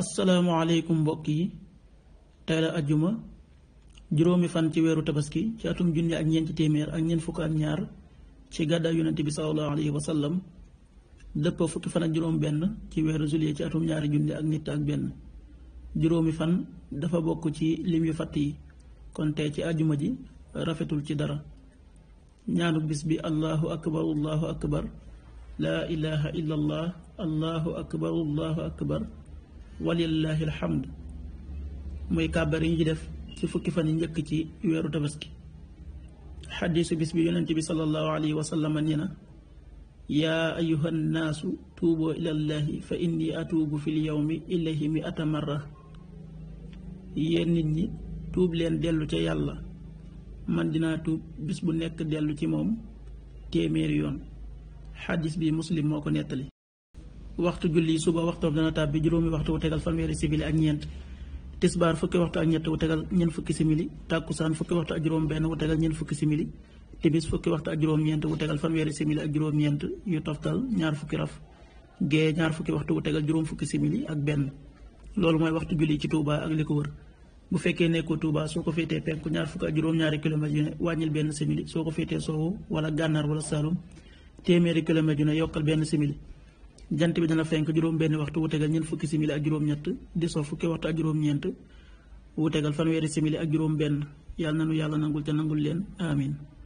asalaamaaleykum mbokk yi tey la ajjuma juróomi fan ci weeru tabaski ci atum junni ak ñeenti téeméer ak ñeent fukk ak ñaar ci gàddaay yonent bi sallallahu alayhi wa sallam fukki fan ak juróom benn ci weeru juillet ci atum ñaari junni ak nit ak benn juróomi fan dafa bokk ci lim yu fàtt yi kon tey ci ajjuma ji rafetul ci dara ñaanu bis bi allahu akbar allahu akbar laa ilaha illa allahu akbar allahu akbar walillahi alhamd mooy kàbbar yi ci def ci fukki fan yi njëkk ci weeru tabaski xadiisu bis bi yonent bi sallallahu alayhi wa ni na yaa ayuha nnaasu tuuboo ilallahi fa inni atuubu fi lyawmi ilayhi mi atamara marra nit ñi tuub leen dellu ca yàlla man dinaa tuub bis bu nekk dellu ci moom téeméeri yoon xadis bi muslim moo ko nettali waxtu julli suba waxtoom dana tàbbi juróomi waxtu wu tegal fanweeri simili ak ñeent tisbaar fukki waxtu ak ñett wu tegal ñeent fukki simili tàkkusaan fukki waxtu ak juróom benn wu tegal ñeent fukki simili timis fukki waxtu ak juróom-ñeent wu tegal fanweeri simili ak juróom-ñeent yu toftal ñaar fukki raf gee ñaar fukki waxtu wu tegal juróom fukki simili ak benn loolu mooy waxtu julli ci Touba ak li ko wër bu fekkee nekkoo Touba soo ko féetee penku ñaar fukk ak juróom-ñaari kilomètres yu ne wàññil benn simili soo ko féetee soowu wala gànnaar wala Saloum téeméeri yu ne yokkal benn simili jant bi dana fenk juróom-benn waxtu wu tegal ñeent fukki simili ak juróom-ñett di so fukki waxtu ak juróom-ñeent wu tegal fanweeri simili ak juróom-benn yàlla na nu yàlla nangul te nangul leen amin